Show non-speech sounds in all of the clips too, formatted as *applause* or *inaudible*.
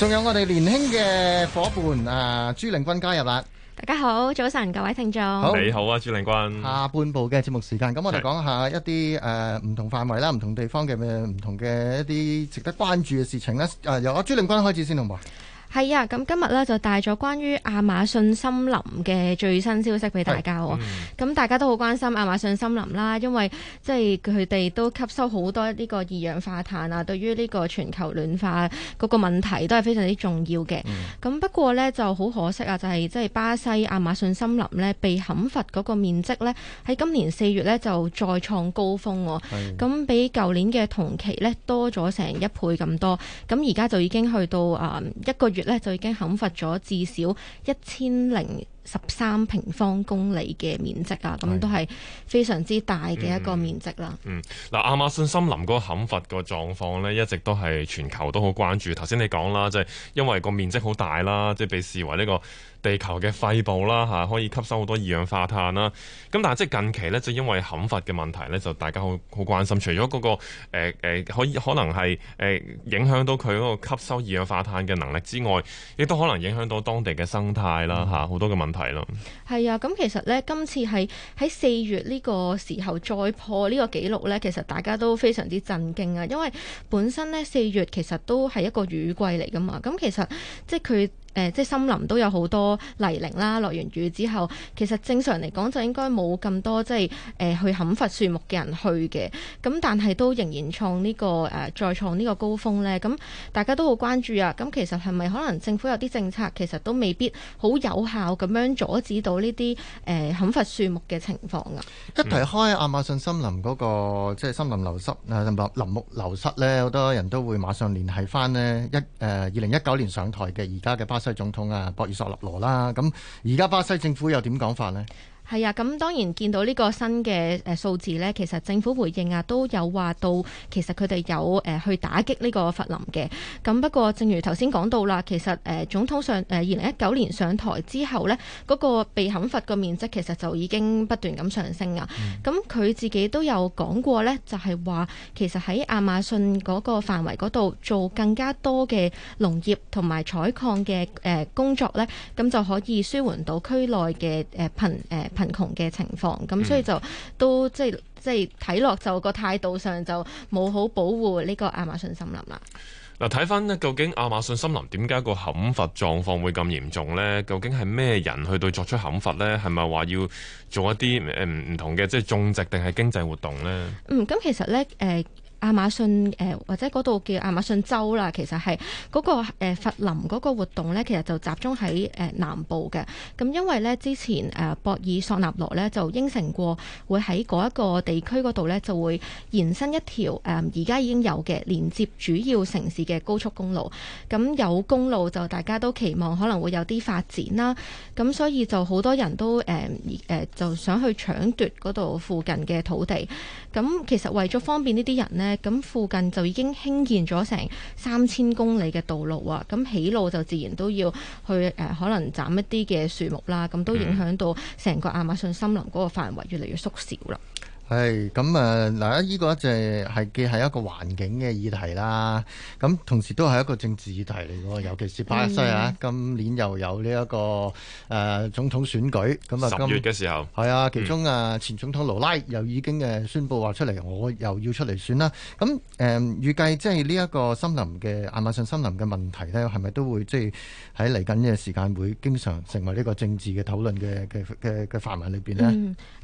仲有我哋年輕嘅夥伴誒、啊，朱令筠加入啦！大家好，早晨，各位聽眾。好，你好啊，朱令筠。下半部嘅節目時間，咁我哋講下一啲誒唔同範圍啦，唔同地方嘅唔同嘅一啲值得關注嘅事情咧。誒、啊，由阿朱令筠開始先，好唔好？係啊，咁今日咧就帶咗關於亞馬遜森林嘅最新消息俾大家喎。咁、嗯、大家都好關心亞馬遜森林啦，因為即係佢哋都吸收好多呢個二氧化碳啊，對於呢個全球暖化嗰個問題都係非常之重要嘅。咁、嗯、不過咧就好可惜啊，就係即係巴西亞馬遜森林咧被砍伐嗰個面積咧喺今年四月咧就再創高峰喎。咁比舊年嘅同期咧多咗成一倍咁多，咁而家就已經去到啊一個月。咧就已經砍伐咗至少一千零。十三平方公里嘅面積啊，咁都係非常之大嘅一個面積啦。嗯，嗱、嗯，亞、啊、馬遜森林嗰個砍伐個狀況咧，一直都係全球都好關注。頭先你講啦，即、就、係、是、因為個面積好大啦，即、就、係、是、被視為呢個地球嘅肺部啦，吓、啊、可以吸收好多二氧化碳啦。咁、啊、但係即係近期咧，就因為砍伐嘅問題咧，就大家好好關心。除咗嗰、那個誒、呃呃、可以可能係誒、呃、影響到佢嗰個吸收二氧化碳嘅能力之外，亦都可能影響到當地嘅生態啦，吓、啊、好多嘅問題。嗯係咯，係啊！咁其實咧，今次係喺四月呢個時候再破這個紀錄呢個紀錄咧，其實大家都非常之震驚啊！因為本身咧，四月其實都係一個雨季嚟噶嘛，咁其實即係佢。誒、呃、即係森林都有好多泥濘啦，落完雨之後，其實正常嚟講就應該冇咁多即係誒、呃、去砍伐樹木嘅人去嘅，咁但係都仍然創呢、這個誒、呃、再創呢個高峰呢。咁、嗯、大家都好關注啊。咁、嗯、其實係咪可能政府有啲政策其實都未必好有效咁樣阻止到呢啲誒砍伐樹木嘅情況啊、嗯？一提開亞馬遜森林嗰、那個即係森林流失啊，林木流失呢，好多人都會馬上聯繫翻呢。一誒二零一九年上台嘅而家嘅巴。巴西總統啊，博爾索納羅啦，咁而家巴西政府又點講法呢？係啊，咁當然見到呢個新嘅誒數字呢，其實政府回應啊都有話到、呃、到，其實佢哋有去打擊呢個伐林嘅。咁不過正如頭先講到啦，其實誒總統上誒二零一九年上台之後呢，嗰、那個被砍伐個面積其實就已經不斷咁上升啊。咁、嗯、佢自己都有講過呢，就係、是、話其實喺亞馬遜嗰個範圍嗰度做更加多嘅農業同埋採礦嘅、呃、工作呢，咁就可以舒緩到區內嘅貧貧窮嘅情況，咁所以就、嗯、都即係即係睇落就、個態度上就冇好保護呢個亞馬遜森林啦。嗱，睇翻呢，究竟亞馬遜森林點解個砍伐狀況會咁嚴重呢？究竟係咩人去到作出砍伐呢？係咪話要做一啲誒唔唔同嘅即係種植定係經濟活動呢？嗯，咁其實呢。誒、呃。亞馬遜誒、呃、或者嗰度叫亞馬遜州啦，其實係嗰、嗰個、呃、伐林嗰個活動咧，其實就集中喺、呃、南部嘅。咁因為咧之前誒、呃、博爾索納羅咧就應承過會喺嗰一個地區嗰度咧就會延伸一條誒而家已經有嘅連接主要城市嘅高速公路。咁有公路就大家都期望可能會有啲發展啦。咁所以就好多人都誒、呃呃、就想去搶奪嗰度附近嘅土地。咁其實為咗方便呢啲人呢。咁附近就已經興建咗成三千公里嘅道路啊！咁起路就自然都要去誒、呃，可能斬一啲嘅樹木啦，咁都影響到成個亞馬遜森林嗰個範圍越嚟越縮小啦。係咁啊！嗱，呢個就係嘅一個環境嘅議題啦。咁同時都係一個政治議題嚟喎，尤其是巴西啊，今年又有呢一個誒總統選舉。咁啊，十月嘅時候，係啊，其中啊前總統盧拉又已經誒宣佈話出嚟、嗯，我又要出嚟選啦。咁誒、呃、預計即係呢一個森林嘅亞馬遜森林嘅問題呢，係咪都會即係喺嚟緊嘅時間會經常成為呢個政治嘅討論嘅嘅嘅嘅範圍裏邊呢？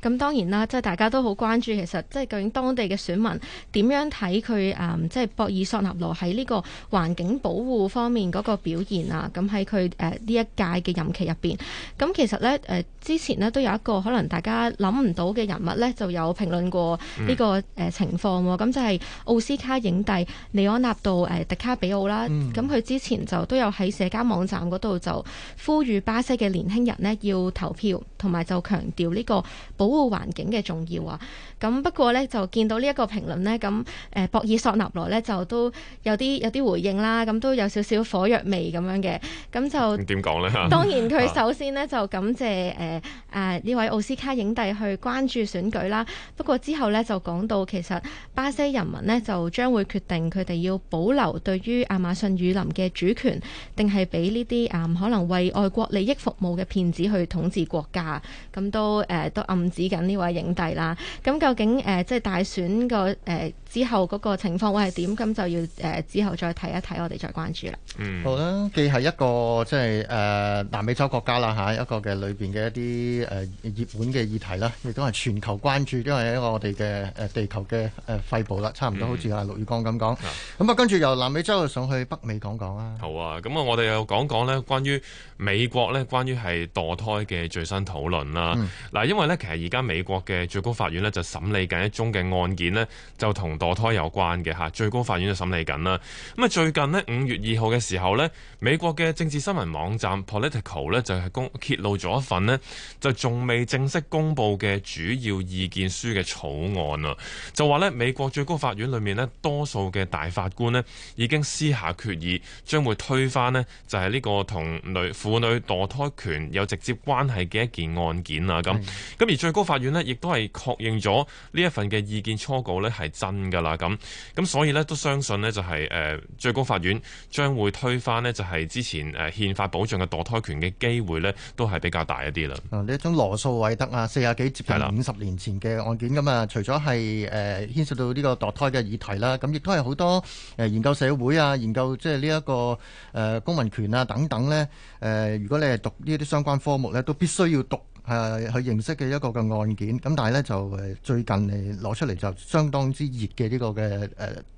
咁、嗯、當然啦，即係大家都好關。跟住，其實即係究竟當地嘅選民點樣睇佢？誒、嗯，即、就、係、是、博爾索納羅喺呢個環境保護方面嗰個表現啊。咁喺佢誒呢一屆嘅任期入邊，咁其實呢，誒、呃、之前咧都有一個可能大家諗唔到嘅人物呢，就有評論過呢、這個誒、嗯呃、情況、啊。咁就係奧斯卡影帝利安納度誒迪卡比奧啦。咁、嗯、佢之前就都有喺社交網站嗰度就呼籲巴西嘅年輕人呢要投票，同埋就強調呢個保護環境嘅重要啊。咁不過咧就見到呢一個評論呢，咁誒博爾索納羅咧就都有啲有啲回應啦，咁都有少少火藥味咁樣嘅，咁就點講呢？ *laughs* 當然佢首先呢就感謝誒誒呢位奧斯卡影帝去關注選舉啦。不過之後呢就講到其實巴西人民呢就將會決定佢哋要保留對於亞馬遜雨林嘅主權，定係俾呢啲啊可能為外國利益服務嘅騙子去統治國家，咁都誒、呃、都暗指緊呢位影帝啦。咁究竟誒、呃，即係大選個誒、呃、之後嗰個情況會係點？咁就要誒、呃、之後再睇一睇，我哋再關注啦。嗯，好啦、啊，既係一個即係誒、呃、南美洲國家啦吓，一個嘅裏邊嘅一啲誒熱門嘅議題啦，亦都係全球關注，因為一個我哋嘅誒地球嘅誒、呃、肺部啦，差唔多好似阿陸宇剛咁講。咁、嗯、啊，跟住由南美洲就上去北美講講啦。好啊，咁啊，我哋又講講呢關於美國呢，關於係墮胎嘅最新討論啦。嗱、嗯，因為呢，其實而家美國嘅最高法院呢就審理緊一宗嘅案件呢，就同墮胎有關嘅嚇，最高法院就審理緊啦。咁啊，最近呢，五月二號嘅時候呢，美國嘅政治新聞網站 Political 呢就係公揭露咗一份呢，就仲未正式公佈嘅主要意見書嘅草案啊，就話呢，美國最高法院裏面呢，多數嘅大法官呢，已經私下決議將會推翻呢，就係呢個同女婦女墮胎權有直接關係嘅一件案件啊，咁咁而最高法院呢，亦都係確認咗呢一份嘅意見初稿呢係真噶啦，咁咁所以呢都相信呢就係、是、誒、呃、最高法院將會推翻呢就係之前誒、呃、憲法保障嘅墮胎權嘅機會呢都係比較大一啲啦。呢、啊、一種羅素偉德啊，四啊幾接近五十年前嘅案件咁啊，除咗係誒牽涉到呢個墮胎嘅議題啦，咁亦都係好多誒研究社會啊、研究即係呢一個誒公民權啊等等呢。誒、呃、如果你係讀呢啲相關科目呢，都必須要讀。係去認識嘅一個嘅案件，咁但係呢就誒最近誒攞出嚟就相當之熱嘅呢個嘅誒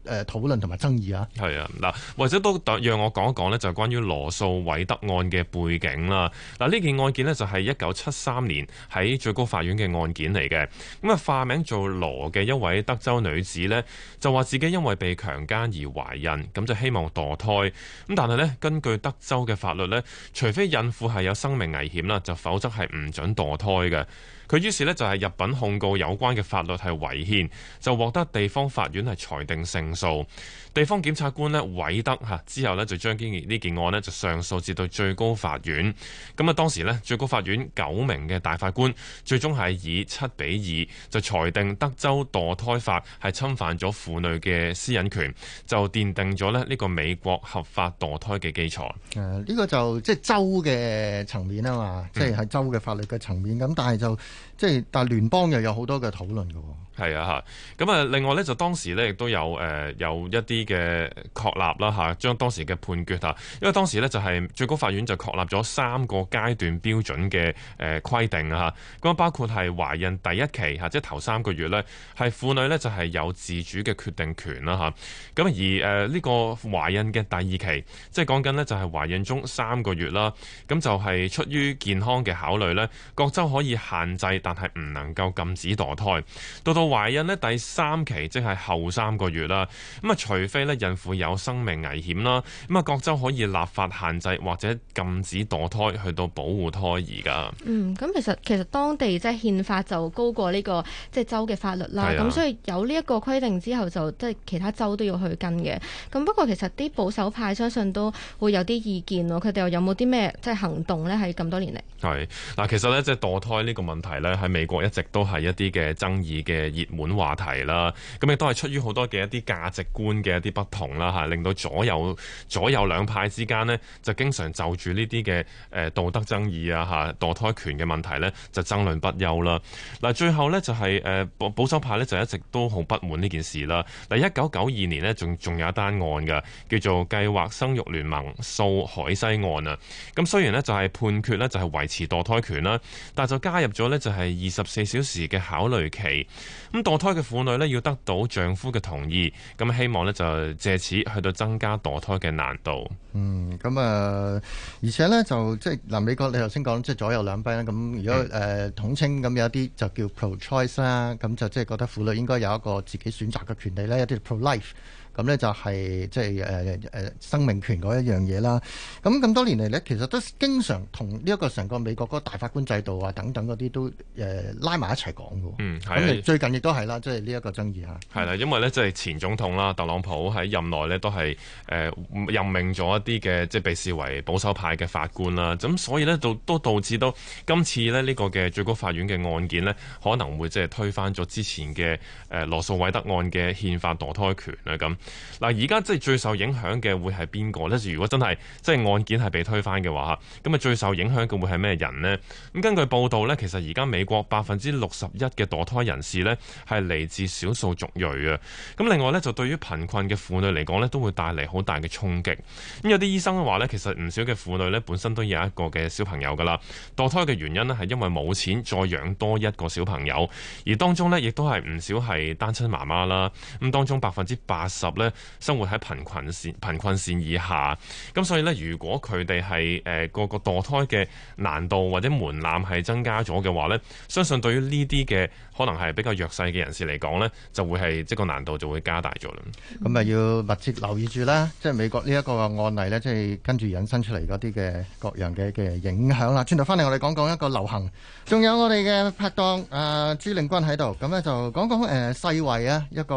誒討論同埋爭議啊。係啊，嗱，或者都讓我講一講呢，就係關於羅素韋德案嘅背景啦。嗱，呢件案件呢就係一九七三年喺最高法院嘅案件嚟嘅。咁啊，化名做羅嘅一位德州女子呢，就話自己因為被強姦而懷孕，咁就希望墮胎。咁但係呢，根據德州嘅法律呢，除非孕婦係有生命危險啦，就否則係唔準墮胎嘅，佢於是呢就係入禀控告有關嘅法律係違憲，就獲得地方法院係裁定勝訴。地方檢察官呢韋德吓之後呢就將呢呢件案呢就上訴至到最高法院。咁啊當時呢最高法院九名嘅大法官最終係以七比二就裁定德州墮胎法係侵犯咗婦女嘅私隱權，就奠定咗呢呢個美國合法墮胎嘅基礎。誒、這、呢個就即係州嘅層面啊嘛，即係喺州嘅法律嘅層面咁，但係就。.即係，但聯邦又有好多嘅討論嘅。係啊，嚇！咁啊，另外咧就當時咧亦都有誒有一啲嘅確立啦，嚇，將當時嘅判決嚇。因為當時咧就係最高法院就確立咗三個階段標準嘅誒規定啊，嚇。咁包括係懷孕第一期嚇，即係頭三個月咧，係婦女咧就係有自主嘅決定權啦，嚇。咁而誒呢個懷孕嘅第二期，即係講緊咧就係懷孕中三個月啦，咁就係、是、出於健康嘅考慮咧，各州可以限制。但係唔能夠禁止墮胎，到到懷孕呢，第三期，即係後三個月啦。咁啊，除非咧孕婦有生命危險啦，咁啊，各州可以立法限制或者禁止墮胎，去到保護胎兒噶。嗯，咁其實其實當地即係憲法就高過呢個即係州嘅法律啦。咁啊，所以有呢一個規定之後，就即係其他州都要去跟嘅。咁不過其實啲保守派相信都會有啲意見喎。佢哋又有冇啲咩即係行動咧？喺咁多年嚟係，嗱，其實咧即係墮胎呢個問題咧。喺美國一直都係一啲嘅爭議嘅熱門話題啦，咁亦都係出於好多嘅一啲價值觀嘅一啲不同啦嚇，令到左右左右兩派之間呢，就經常就住呢啲嘅誒道德爭議啊嚇，墮胎權嘅問題呢，就爭論不休啦。嗱，最後呢就係誒保守派呢，就一直都好不滿呢件事啦。嗱，一九九二年呢，仲仲有一單案㗎，叫做計劃生育聯盟訴海西案啊。咁雖然呢，就係判決呢，就係維持墮胎權啦，但係就加入咗呢，就係、是，二十四小時嘅考慮期，咁墮胎嘅婦女咧要得到丈夫嘅同意，咁希望咧就借此去到增加墮胎嘅難度。嗯、咁、嗯、啊、呃，而且呢，就即係嗱，美國你頭先講即係左右兩邊啦，咁如果誒、呃、統稱咁有啲就叫 pro choice 啦，咁就即係覺得婦女應該有一個自己選擇嘅權利呢，有啲 pro life。咁呢就係即係生命權嗰一樣嘢啦。咁咁多年嚟呢，其實都經常同呢一個成個美國嗰個大法官制度啊等等嗰啲都、呃，拉埋一齊講嘅。嗯，咁最近亦都係啦，即係呢一個爭議啊。係啦，因為呢，即係前總統啦，特朗普喺任內呢都係、呃，任命咗一啲嘅即係被視為保守派嘅法官啦。咁所以呢，都都導致到今次呢、呢個嘅最高法院嘅案件呢，可能會即係推翻咗之前嘅誒羅訴韋德案嘅憲法墮胎權咁。嗱，而家即係最受影響嘅會係邊個呢？如果真係即係案件係被推翻嘅話，嚇咁啊最受影響嘅會係咩人呢？咁根據報道呢，其實而家美國百分之六十一嘅墮胎人士呢，係嚟自少數族裔啊。咁另外呢，就對於貧困嘅婦女嚟講呢，都會帶嚟好大嘅衝擊。咁有啲醫生嘅話呢，其實唔少嘅婦女呢，本身都有一個嘅小朋友噶啦，墮胎嘅原因呢，係因為冇錢再養多一個小朋友，而當中呢，亦都係唔少係單親媽媽啦。咁當中百分之八十，咧生活喺貧困線貧困線以下，咁所以呢，如果佢哋係誒個個墮胎嘅難度或者門檻係增加咗嘅話呢，相信對於呢啲嘅可能係比較弱勢嘅人士嚟講呢，就會係即係個難度就會加大咗啦。咁、嗯、啊，要密切留意住啦，即、就、係、是、美國呢一個案例呢，即係跟住引申出嚟嗰啲嘅各樣嘅嘅影響啦。轉頭翻嚟，我哋講講一個流行，仲有我哋嘅拍檔阿、呃、朱令筠喺度，咁呢就講講誒世衛啊，一個誒、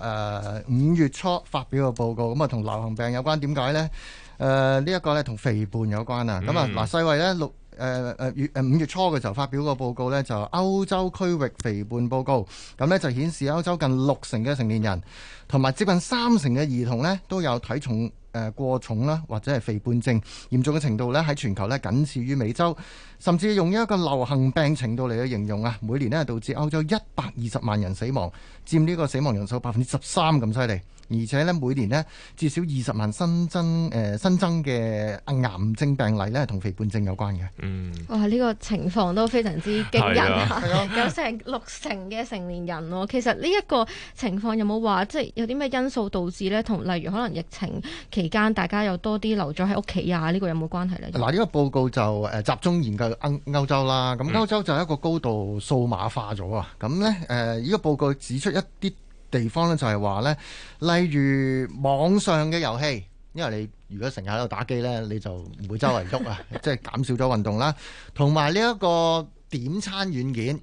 呃、五月。初發表個報告咁啊，同流行病有關，點解呢？誒呢一個呢，同肥胖有關啊。咁、嗯、啊，嗱，世衞呢，六誒誒月誒五月初嘅時候發表個報告呢，就歐洲區域肥胖報告咁呢，就顯示歐洲近六成嘅成年人同埋接近三成嘅兒童呢，都有體重誒過重啦，或者係肥胖症嚴重嘅程度呢，喺全球呢，僅次於美洲，甚至用一個流行病程度嚟去形容啊。每年呢，導致歐洲一百二十萬人死亡，佔呢個死亡人數百分之十三咁犀利。而且咧，每年咧至少二十萬新增誒、呃、新增嘅癌症病例咧，同肥胖症有關嘅。嗯，哇！呢、呢個情況都非常之驚人啊， *laughs* 有成六成嘅成年人、哦、其實呢一個情況有冇話，即係有啲咩因素導致呢？同例如可能疫情期間大家又多啲留咗喺屋企啊？呢、呢個有冇關係呢？嗱，呢個報告就誒集中研究歐洲啦。咁歐洲就係一個高度數碼化咗啊。咁、嗯、呢，誒、呃，呢、呢個報告指出一啲。地方咧就係話呢，例如網上嘅遊戲，因為你如果成日喺度打機呢，你就唔會周圍喐啊， *laughs* 即係減少咗運動啦。同埋呢一個點餐軟件。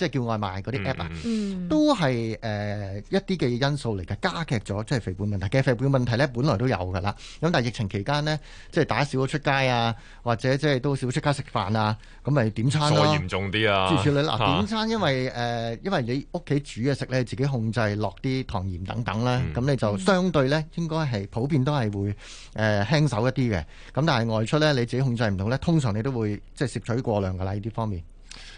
即係叫外賣嗰啲 app 啊，嗯、都係誒、呃、一啲嘅因素嚟嘅，加劇咗即係肥胖問題。嘅肥胖問題咧，本來都有㗎啦。咁但係疫情期間呢，即係打少咗出街啊，或者即係都少出街食飯啊，咁咪點餐咯，嚴重啲啊。住住你嗱，點餐因為誒、呃，因為你屋企煮嘢食咧，自己控制落啲糖鹽等等啦。咁、嗯、你就相對咧應該係普遍都係會誒、呃、輕手一啲嘅。咁但係外出咧，你自己控制唔到咧，通常你都會即係攝取過量㗎啦。呢啲方面。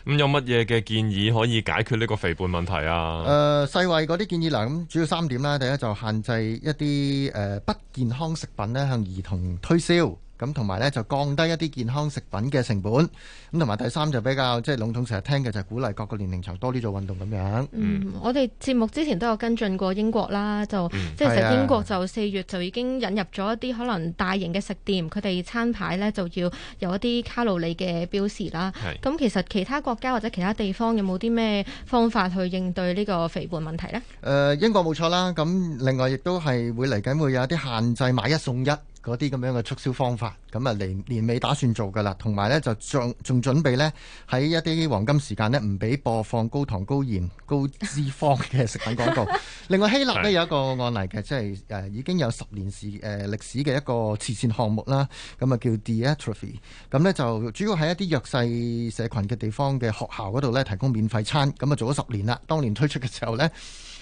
咁有乜嘢嘅建議可以解決呢個肥胖問題啊？誒、呃，世衛嗰啲建議嗱，咁主要三點啦。第一就限制一啲誒、呃、不健康食品咧向兒童推銷。咁同埋咧就降低一啲健康食品嘅成本，咁同埋第三就比較，即係籠統成日聽嘅就係、鼓勵各個年齡層多啲做運動。咁樣。嗯，我哋節目之前都有跟進過英國啦，就、嗯、即係其實英國就四月就已經引入咗一啲可能大型嘅食店，佢哋餐牌呢就要有一啲卡路里嘅標示啦。咁其實其他國家或者其他地方有冇啲咩方法去應對呢個肥胖問題呢？誒、呃，英國冇錯啦。咁另外亦都係會嚟緊會有啲限制買一送一。嗰啲咁樣嘅促銷方法，咁啊，年年尾打算做噶啦，同埋呢，就仲仲準備呢，喺一啲黃金時間呢，唔俾播放高糖、高鹽、高脂肪嘅食品廣告。 *laughs* 另外希臘呢有一個案例嘅， *laughs* 即係已經有十年、呃、歷史歷史嘅一個慈善項目啦，咁啊叫 Diatrofi 咁呢，就主要喺一啲弱勢社群嘅地方嘅學校嗰度呢，提供免費餐，咁啊做咗十年啦，當年推出嘅時候呢。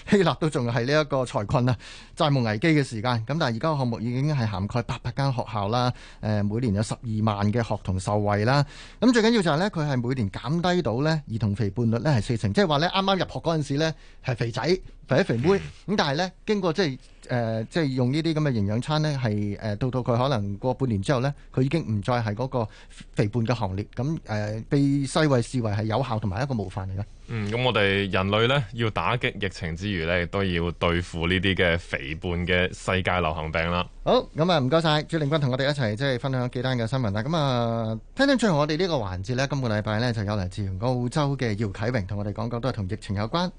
希臘都仲係呢一個財困啊、債務危機嘅時間，咁但係而家項目已經係涵蓋八百間學校啦，誒每年有十二萬嘅學童受惠啦。咁最緊要就係呢，佢係每年減低到呢兒童肥胖率呢係四成，即係話呢，啱啱入學嗰陣時呢，係肥仔、肥一肥妹，咁 *laughs* 但係呢，經過即係誒即係用呢啲咁嘅營養餐呢，係、呃、到到佢可能過半年之後呢，佢已經唔再係嗰個肥胖嘅行列，咁、呃、被世衞視為係有效同埋一個模範嚟嘅。嗯，咁我哋人類咧要打擊疫情之餘咧，都要對付呢啲嘅肥胖嘅世界流行病啦。好，咁啊唔該晒朱令筠，同我哋一齊即係分享幾單嘅新聞啦。咁啊，聽聽最後我哋呢個環節咧，今個禮拜咧就有嚟自澳洲嘅姚啟榮同我哋講講，都係同疫情有關。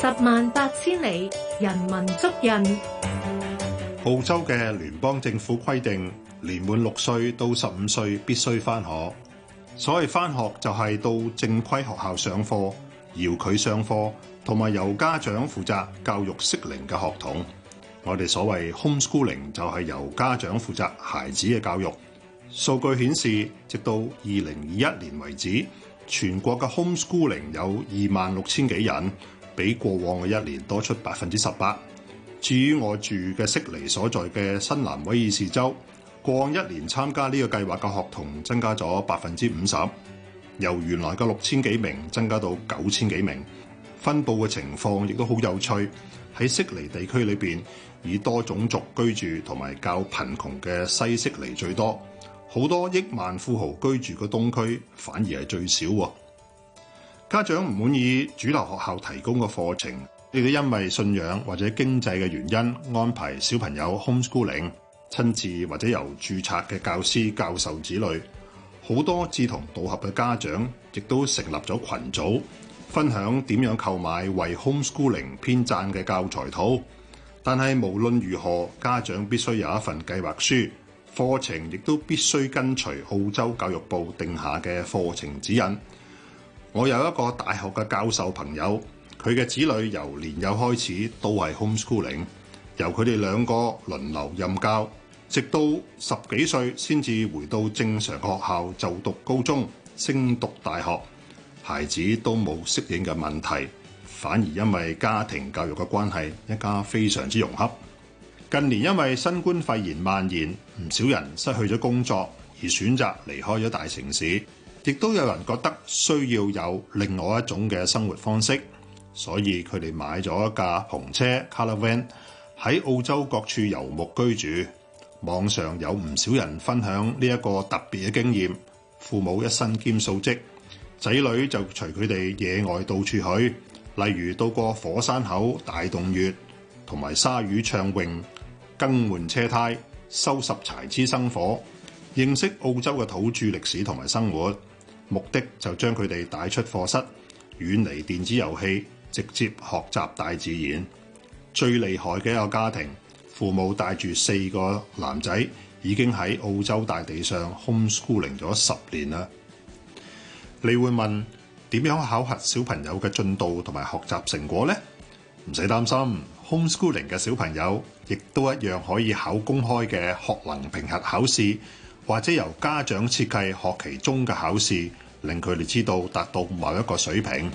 十萬八千里，人文足印。澳洲嘅聯邦政府規定，年滿六歲到十五歲必須翻學。所以返學就係到正規學校上課，遙距上課，同埋由家長負責教育適齡嘅學童。我哋所謂 homeschooling 就係由家長負責孩子嘅教育。數據顯示，直到二零二一年為止，全國嘅 homeschooling 有二萬六千幾人，比過往嘅一年多出百分之十八。至於我住嘅悉尼所在嘅新南威爾士州，過往一年參加呢個計劃嘅學童增加咗百分之五十，由原來嘅六千幾名增加到九千幾名。分佈嘅情況亦都好有趣，喺悉尼地區裏面，以多種族居住同埋較貧窮嘅西悉尼最多，好多億萬富豪居住嘅東區反而係最少。家長唔滿意主流學校提供嘅課程，亦都因為信仰或者經濟嘅原因安排小朋友 homeschooling。親自或者由注冊嘅教師、教授子女，好多志同道合嘅家長亦都成立咗群組，分享點樣購買為 homeschooling 編撰嘅教材套。但係無論如何，家長必須有一份計劃書，課程亦都必須跟隨澳洲教育部定下嘅課程指引。我有一個大學嘅教授朋友，佢嘅子女由年幼開始都係 homeschooling，由佢哋兩個輪流任教。直到十幾歲先至回到正常學校就讀高中，升讀大學，孩子都冇適應嘅問題，反而因為家庭教育嘅關係，一家非常之融洽。近年因為新冠肺炎蔓延，唔少人失去咗工作而選擇離開咗大城市，亦都有人覺得需要有另外一種嘅生活方式，所以佢哋買咗一架篷車 Caravan 喺澳洲各處遊牧居住。網上有唔少人分享呢一個特別嘅經驗，父母一身兼數職，仔女就隨佢哋野外到處去，例如到過火山口大月、大洞穴、同埋鯊魚暢泳、更換車胎、收拾柴枝生火，認識澳洲嘅土著歷史同埋生活。目的就將佢哋帶出課室，遠離電子遊戲，直接學習大自然。最厲害嘅一個家庭。父母帶住四個男仔已經喺澳洲大地上 homeschooling 咗十年啦。你會問點樣考核小朋友嘅進度同埋學習成果呢？唔使擔心，homeschooling 嘅小朋友亦都一樣可以考公開嘅學能評核考試，或者由家長設計學期中嘅考試，令佢哋知道達到某一個水平。